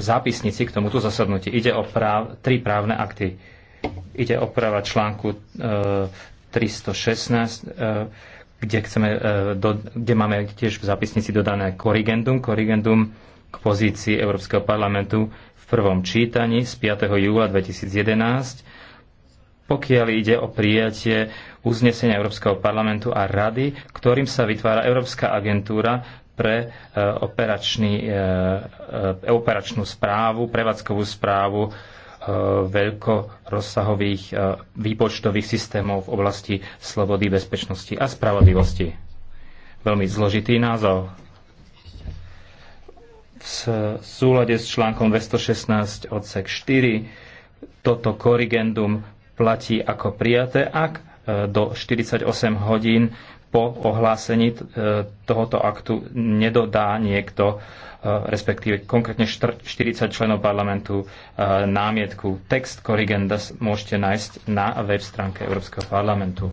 zápisnici k tomuto zasadnutí. Ide o práv, tri právne akty. Ide o práva článku e, 316, e, kde, chceme, e, do, kde máme tiež v zápisnici dodané korigendum korrigendum k pozícii Európskeho parlamentu v prvom čítaní z 5. júla 2011 pokiaľ ide o prijatie uznesenia Európskeho parlamentu a rady, ktorým sa vytvára Európska agentúra pre e, operačný, e, e, operačnú správu, prevádzkovú správu veľkorozsahových výpočtových systémov v oblasti slobody, bezpečnosti a spravodlivosti. Veľmi zložitý názov. V súlade s článkom 216 odsek 4 toto korrigendum platí ako prijaté, ak e, do 48 hodín po ohlásení e, tohoto aktu nedodá niekto, e, respektíve konkrétne 40 členov parlamentu námietku. Text korrigendas môžete nájsť na web stránke Európskeho parlamentu.